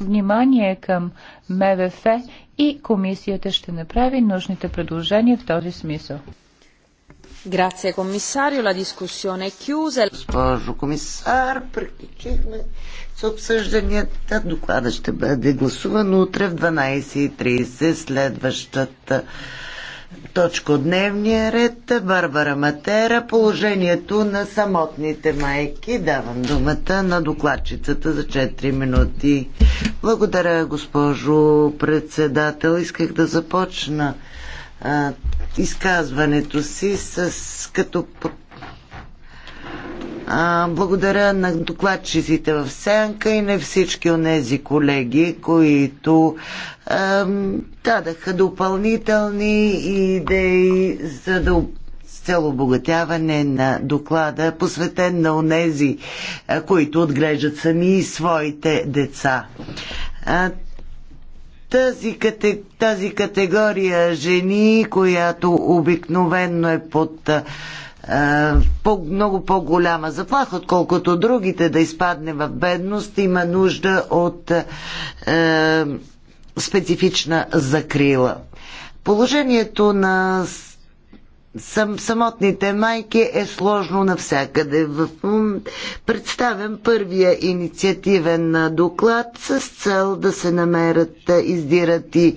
внимание към МВФ и комисията ще направи нужните предложения в този смисъл. Grazie commissario, la discussione è chiusa. Госпожо комисар, приключихме с обсъжданията. Доклада ще бъде гласуван утре в 12.30 следващата точка от дневния ред. Барбара Матера, положението на самотните майки. Давам думата на докладчицата за 4 минути. Благодаря, госпожо председател. Исках да започна а, изказването си с като а, благодаря на докладчиците в Сянка и на всички от тези колеги, които а, дадаха допълнителни идеи за да с цел обогатяване на доклада, посветен на онези, които отглеждат сами и своите деца. Тази, тази категория жени, която обикновенно е под по, много по-голяма заплаха, отколкото другите да изпадне в бедност, има нужда от специфична закрила. Положението на сам, самотните майки е сложно навсякъде. В представен първия инициативен доклад с цел да се намерят, издират и е,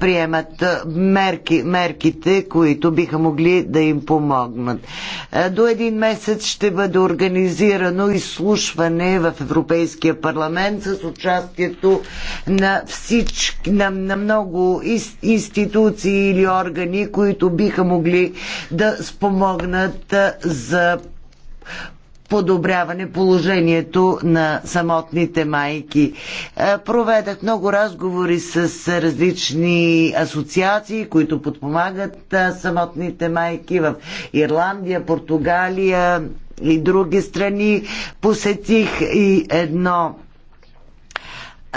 приемат мерки, мерките, които биха могли да им помогнат. До един месец ще бъде организирано изслушване в Европейския парламент с участието на всички, на, на много институции или органи, които биха могли да спомогнат за подобряване положението на самотните майки. Е, проведах много разговори с различни асоциации, които подпомагат е, самотните майки в Ирландия, Португалия и други страни. Посетих и едно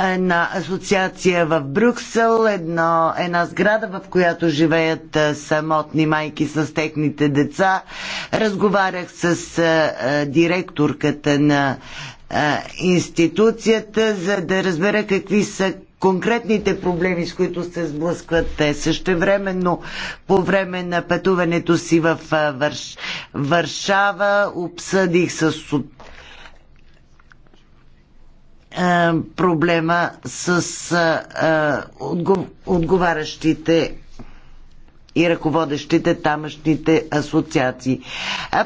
една асоциация в Брюксел, едно, една сграда, в която живеят самотни майки с техните деца. Разговарях с а, директорката на а, институцията, за да разбера какви са конкретните проблеми, с които се сблъскват те. Същевременно по време на пътуването си в Варшава обсъдих с проблема с отговарящите и ръководещите тамъщните асоциации.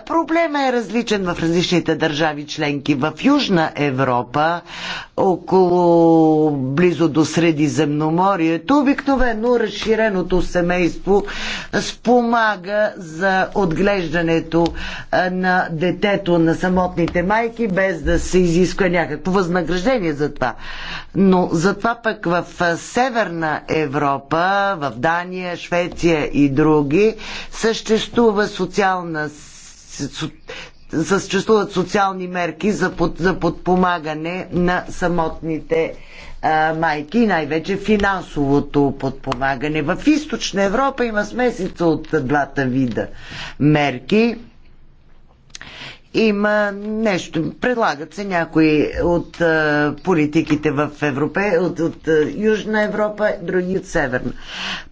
Проблема е различен в различните държави членки. В Южна Европа, около близо до Средиземноморието, обикновено разширеното семейство спомага за отглеждането на детето на самотните майки, без да се изисква някакво възнаграждение за това. Но затова пък в Северна Европа, в Дания, Швеция и други. Съществува социална съществуват социални мерки за, под, за подпомагане на самотните а, майки и най-вече финансовото подпомагане. В източна Европа има смесица от двата вида мерки има нещо. Предлагат се някои от а, е, политиките в Европе, от, от а, е, Южна Европа, други от Северна.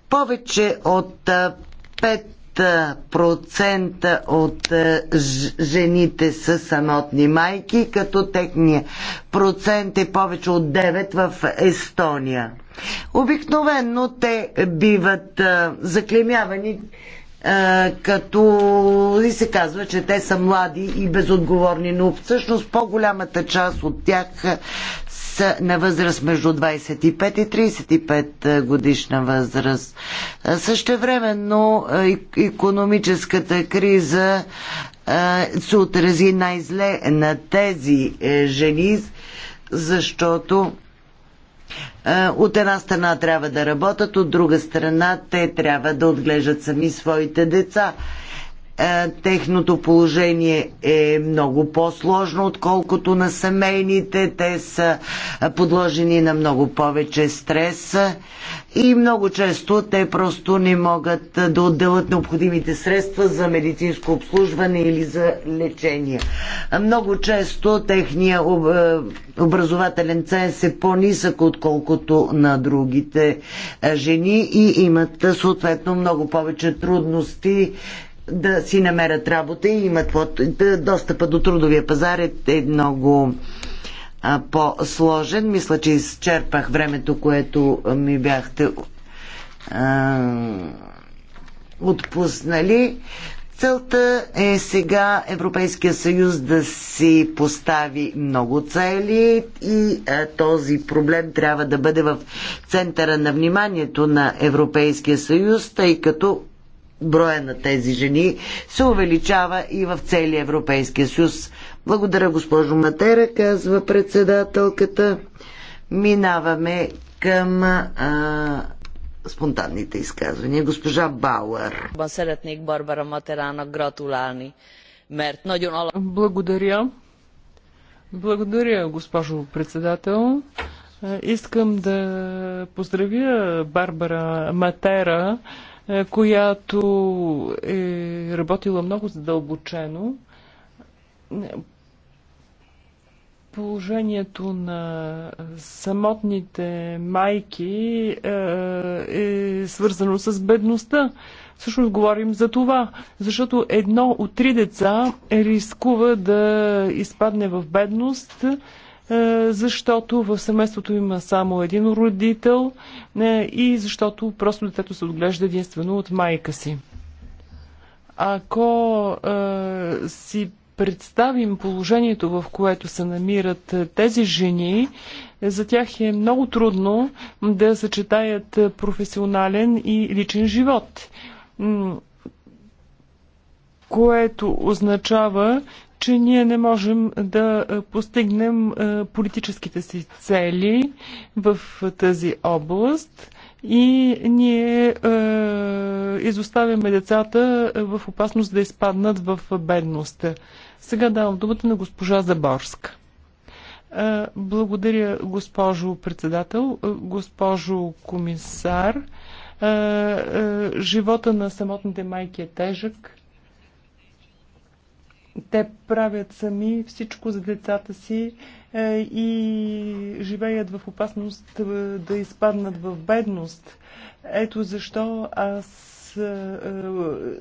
Повече от е, а, 5% от а, жените са самотни майки, като техния процент е повече от 9 в Естония. Обикновенно те биват а, заклемявани като и се казва, че те са млади и безотговорни, но всъщност по-голямата част от тях са на възраст между 25 и 35 годишна възраст. Същевременно економическата криза се отрази най-зле на тези е, жени, защото е, от една страна трябва да работят, от друга страна те трябва да отглеждат сами своите деца. Е, техното положение е много по-сложно, отколкото на семейните. Те са е, подложени на много повече стрес и много често те просто не могат е, да отделят необходимите средства за медицинско обслужване или за лечение. Много често техния образователен ценз е по-нисък, отколкото на другите жени и имат съответно много повече трудности да си намерят работа и имат достъпа до трудовия пазар е, е много по-сложен. Мисля, че изчерпах времето, което ми бяхте а, отпуснали. Целта е сега Европейския съюз да си постави много цели и а, този проблем трябва да бъде в центъра на вниманието на Европейския съюз, тъй като броя на тези жени се увеличава и в целия Европейския съюз. Благодаря, госпожо Матера, казва председателката. Минаваме към а, спонтанните изказвания. Госпожа Бауър. Барбара Благодаря. Благодаря, госпожо председател. Искам да поздравя Барбара Матера е, която е работила много задълбочено. Положението на самотните майки е, е свързано с бедността. Всъщност говорим за това, защото едно от три деца рискува да изпадне в бедност е, защото в семейството има само един родител е, и защото просто детето се отглежда единствено от майка си. Ако е, си представим положението, в което се намират тези жени, за тях е много трудно да съчетаят професионален и личен живот което означава, че ние не можем да постигнем политическите си цели в тази област и ние е, изоставяме децата в опасност да изпаднат в бедност. Сега давам думата на госпожа Заборска. Е, благодаря, госпожо председател, госпожо комисар. Е, е, живота на самотните майки е тежък те правят сами всичко за децата си е, и живеят в опасност е, да изпаднат в бедност. Ето защо аз е,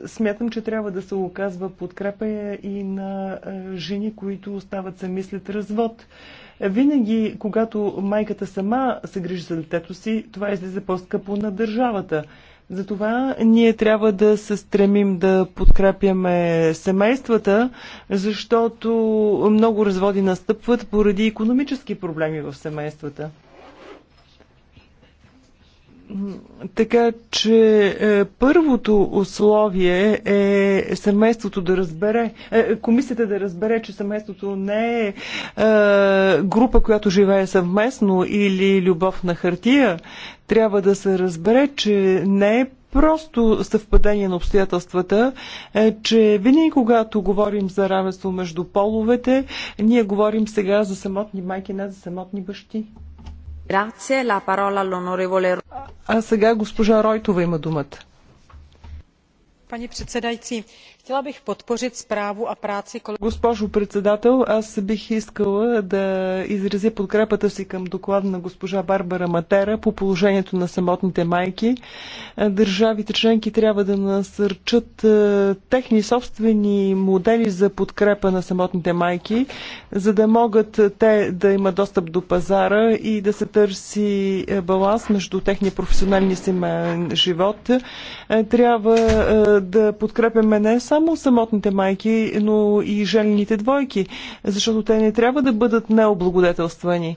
смятам, че трябва да се оказва подкрепа и на жени, които остават сами след развод. Винаги, когато майката сама се грижи за детето си, това излиза по-скъпо на държавата. Затова ние трябва да се стремим да подкрепяме семействата, защото много разводи настъпват поради економически проблеми в семействата. Така че е, първото условие е семейството да разбере, е, комисията да разбере, че семейството не е, е група, която живее съвместно или любов на хартия. Трябва да се разбере, че не е просто съвпадение на обстоятелствата, е, че винаги когато говорим за равенство между половете, ние говорим сега за самотни майки, не за самотни бащи. А сега госпожа Ройтова има думата. Пани председайци, Chtěla bych podpořit zprávu a práci kolegy. Госпожо председател, аз бих искала да изразя подкрепата си към доклада на госпожа Барбара Матера по положението на самотните майки. Е, държавите членки трябва да насърчат е, техни собствени модели за подкрепа на самотните майки, за да могат е, те да имат достъп до пазара и да се търси баланс между техния професионален и семейен живот. Трябва да подкрепяме не само само самотните майки, но и женените двойки, защото те не трябва да бъдат необлагодетелствани е,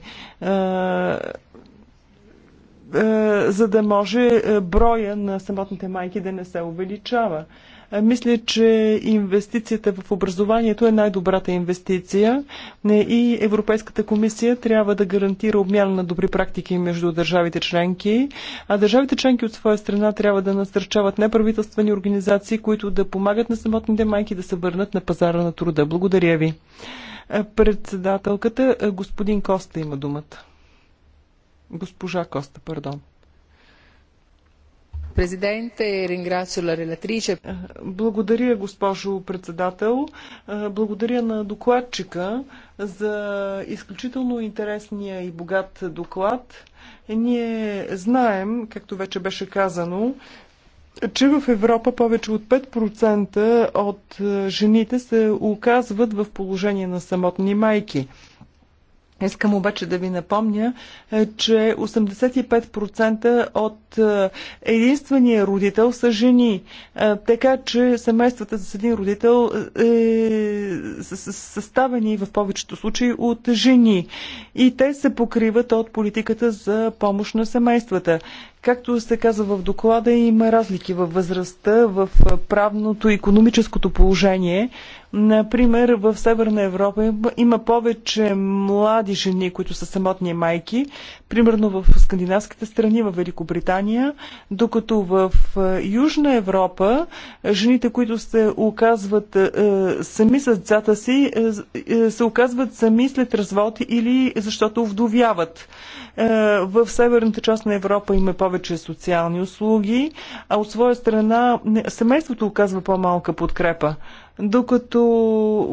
е, за да може е, броя на самотните майки да не се увеличава. Е, мисля, че инвестицията в образованието е най-добрата инвестиция е, и Европейската комисия трябва да гарантира обмяна на добри практики между държавите членки, а държавите членки от своя страна трябва да насърчават неправителствени организации, които да помагат на самотните майки да се върнат на пазара на труда. Благодаря ви. Е, председателката, господин Коста има думата. Госпожа Коста, пардон. Президенте, ringrazio la Благодаря, госпожо председател. Благодаря на докладчика за изключително интересния и богат доклад. Ние знаем, както вече беше казано, че в Европа повече от 5% от жените се оказват в положение на самотни майки. Искам обаче да ви напомня, е, че 85% от е, единствения родител са жени. Е, така че семействата с един родител е, са съставени в повечето случаи от жени. И те се покриват от политиката за помощ на семействата. Както се каза в доклада, има разлики във възрастта, в правното и економическото положение. Например, в Северна Европа има повече млади жени, които са самотни майки, примерно в скандинавските страни, в Великобритания, докато в Южна Европа жените, които се оказват е, сами с децата си, е, се оказват сами след развод или защото вдовяват. Е, в северната част на Европа има повече повече социални услуги, а от своя страна семейството оказва по-малка подкрепа. Докато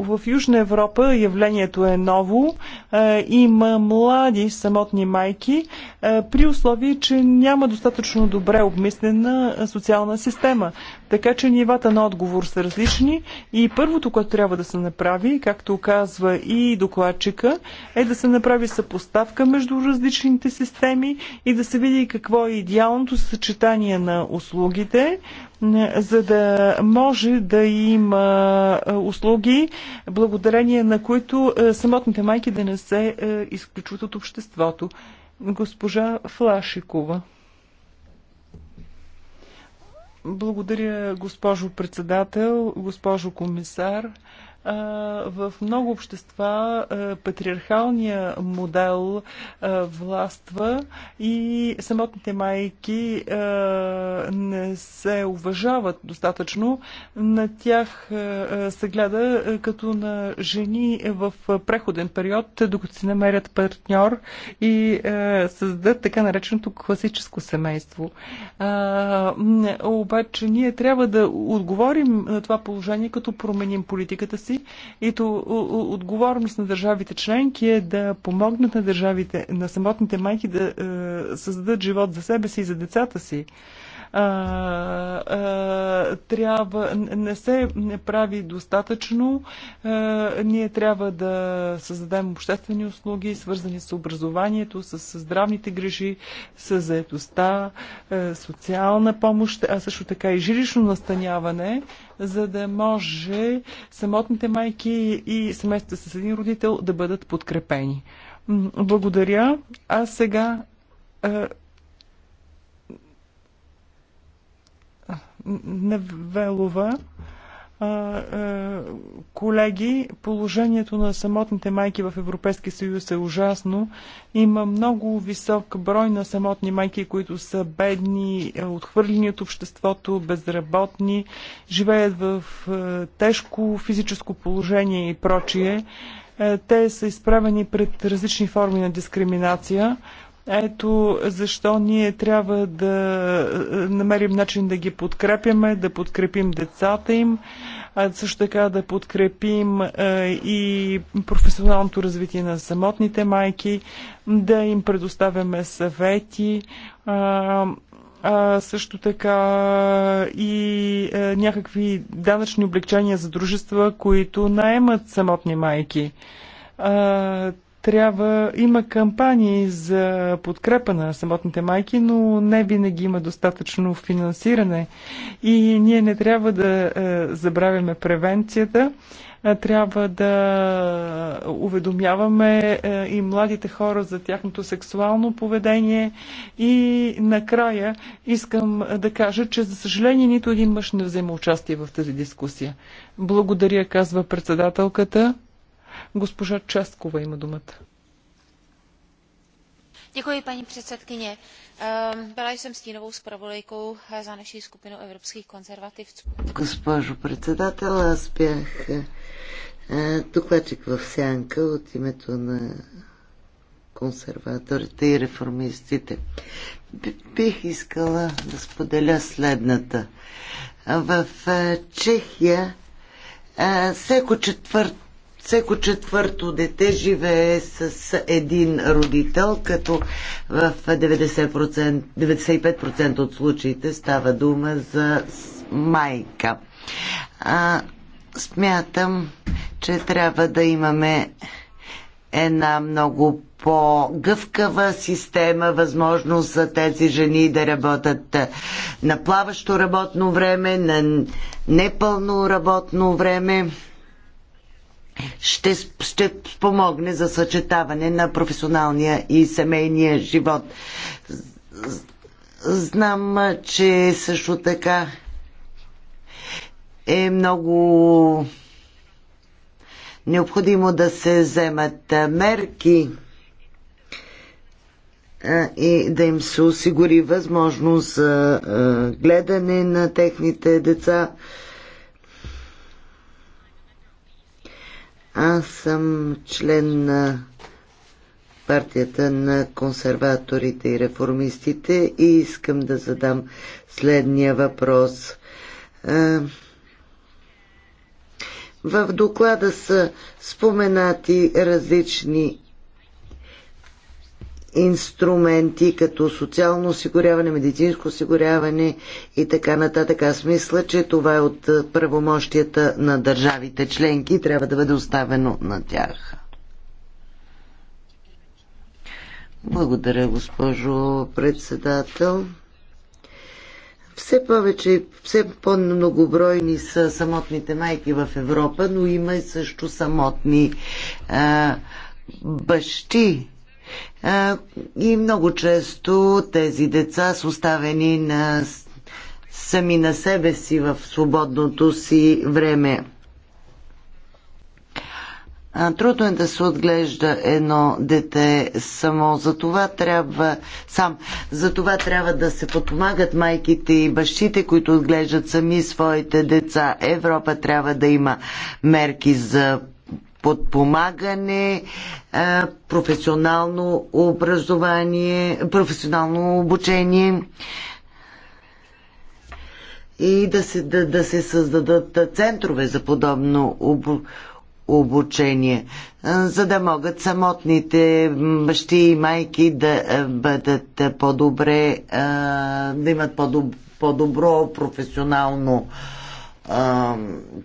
в Южна Европа явлението е ново, е, има млади самотни майки, е, при условие, че няма достатъчно добре обмислена социална система. Така че нивата на отговор са различни и първото, което трябва да се направи, както казва и докладчика, е да се направи съпоставка между различните системи и да се види какво е идеалното съчетание на услугите, е, за да може да има услуги, благодарение на които самотните майки да не се изключват от обществото. Госпожа Флашикова. Благодаря, госпожо председател, госпожо комисар в много общества патриархалния модел властва и самотните майки не се уважават достатъчно. На тях се гледа като на жени в преходен период, докато си намерят партньор и създадат така нареченото класическо семейство. Обаче ние трябва да отговорим на това положение, като променим политиката си си. И то, отговорност на държавите членки е да помогнат на държавите, на самотните майки да е, създадат живот за себе си и за децата си трябва, не се не прави достатъчно. Ние трябва да създадем обществени услуги, свързани с образованието, с здравните грижи, с заетостта, социална помощ, а също така и жилищно настаняване, за да може самотните майки и семейства с един родител да бъдат подкрепени. Благодаря. А сега Невелова. Колеги, положението на самотните майки в Европейския съюз е ужасно. Има много висок брой на самотни майки, които са бедни, отхвърлени от обществото, безработни, живеят в тежко физическо положение и прочие. Е, те са изправени пред различни форми на дискриминация. Ето защо ние трябва да е, е, намерим начин да ги подкрепяме, да подкрепим децата им, а също така да подкрепим е, и професионалното развитие на самотните майки, да им предоставяме съвети, а, също така и някакви данъчни облегчения за дружества, които наемат самотни майки трябва, има кампании за подкрепа на самотните майки, но не винаги има достатъчно финансиране. И ние не трябва да е, забравяме превенцията, трябва да уведомяваме е, и младите хора за тяхното сексуално поведение. И накрая искам да кажа, че за съжаление нито един мъж не взема участие в тази дискусия. Благодаря, казва председателката. Госпожа Часкова има думата. Děkuji, paní předsedkyně. Byla jsem stínovou zpravodajkou za naší skupinu evropských konzervativců. Госпожо председател, аз бях е, е, докладчик в сянка от името на консерваторите и реформистите. Бих искала да споделя следната. В е, Чехия всеко четвърто всеко четвърто дете живее с един родител, като в 90%, 95% от случаите става дума за майка. А, смятам, че трябва да имаме една много по-гъвкава система, възможност за тези жени да работят на плаващо работно време, на непълно работно време ще, ще спомогне за съчетаване на професионалния и семейния живот. Знам, че също така е много необходимо да се вземат мерки и да им се осигури възможност за гледане на техните деца Аз съм член на партията на консерваторите и реформистите и искам да задам следния въпрос. В доклада са споменати различни инструменти, като социално осигуряване, медицинско осигуряване и така нататък. Аз мисля, че това е от е, правомощията на държавите членки и трябва да бъде оставено на тях. Благодаря, госпожо председател. Все повече, все по-многобройни са самотните майки в Европа, но има и също самотни а, бащи и много често тези деца са оставени на, сами на себе си в свободното си време. Трудно е да се отглежда едно дете само. За това трябва сам. За това трябва да се подпомагат майките и бащите, които отглеждат сами своите деца. Европа трябва да има мерки за подпомагане, е, професионално образование, професионално обучение и да се, да, да се създадат центрове за подобно об, обучение, е, за да могат самотните бащи и майки да е, бъдат по-добре, да имат по-добро професионално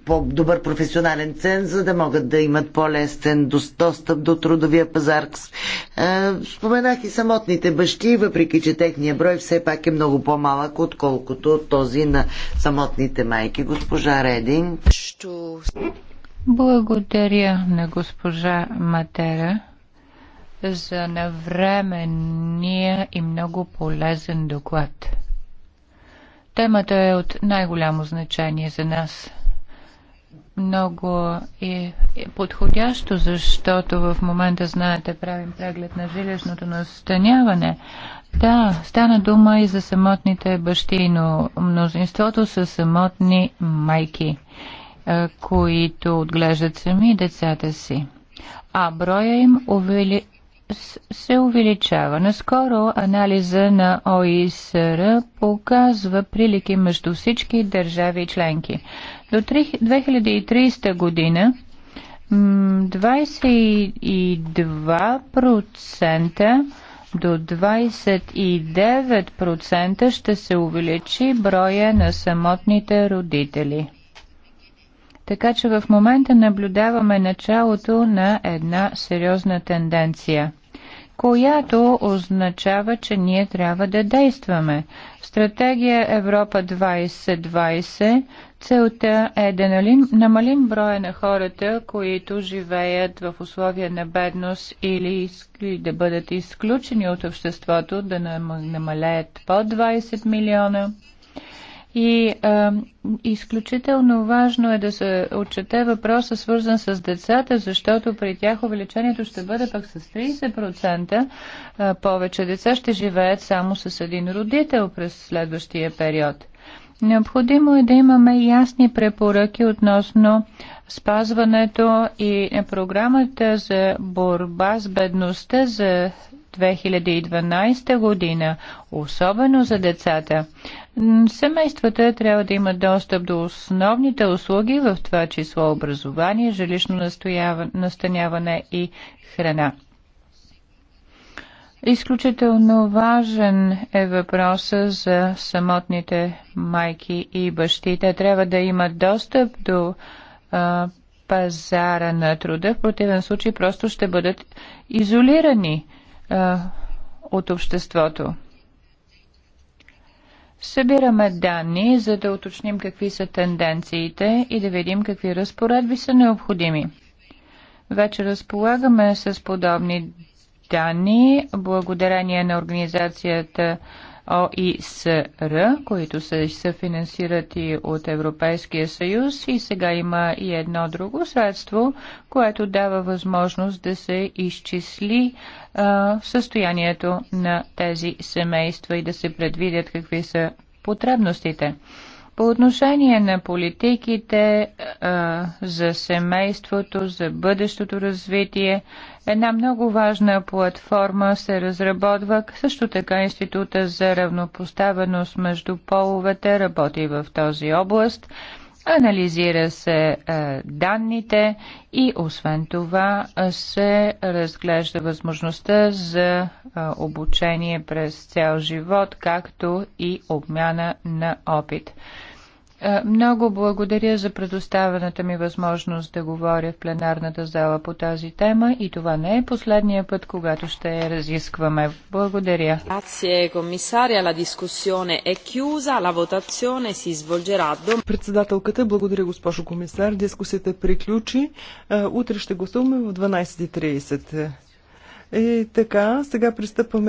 по-добър професионален цен, за да могат да имат по-лесен достъп до трудовия пазар. Споменах и самотните бащи, въпреки че техния брой все пак е много по-малък, отколкото този на самотните майки. Госпожа Редин. Благодаря на госпожа Матера за навременния и много полезен доклад. Темата е от най-голямо значение за нас. Много е подходящо, защото в момента, знаете, правим преглед на жилищното настаняване. Да, стана дума и за самотните бащи, но мнозинството са самотни майки, е, които отглеждат сами децата си. А броя им увели, се увеличава. Наскоро анализа на ОИСР показва прилики между всички държави и членки. До 2030 година 22% до 29% ще се увеличи броя на самотните родители. Така че в момента наблюдаваме началото на една сериозна тенденция която означава, че ние трябва да действаме. В стратегия Европа 2020 целта е да налим, намалим броя на хората, които живеят в условия на бедност или, или да бъдат изключени от обществото, да намалеят по 20 милиона и а, изключително важно е да се отчете въпроса, свързан с децата, защото при тях увеличението ще бъде пък с 30% повече деца ще живеят само с един родител през следващия период. Необходимо е да имаме ясни препоръки относно спазването и програмата за борба с бедността за 2012 година, особено за децата. Семействата трябва да имат достъп до основните услуги, в това число образование, жилищно настаняване и храна. Изключително важен е въпроса за самотните майки и бащи. Те трябва да имат достъп до а, пазара на труда. В противен случай просто ще бъдат изолирани а, от обществото. Събираме данни, за да уточним какви са тенденциите и да видим какви разпоредби са необходими. Вече разполагаме с подобни данни, благодарение на организацията ОИСР, които се съфинансират и от Европейския съюз и сега има и едно друго средство, което дава възможност да се изчисли а, състоянието на тези семейства и да се предвидят какви са потребностите. По отношение на политиките а, за семейството, за бъдещото развитие, една много важна платформа се разработва. Също така Института за равнопоставеност между половете работи в този област. Анализира се е, данните и освен това се разглежда възможността за е, обучение през цял живот, както и обмяна на опит. Е, много благодаря за предоставената ми възможност да говоря в пленарната зала по тази тема и това не е последния път, когато ще я разискваме. Благодаря. Председателката, благодаря госпожо комисар. Дискусията приключи. Е, утре ще гласуваме в 12.30. И е, така, сега пристъпваме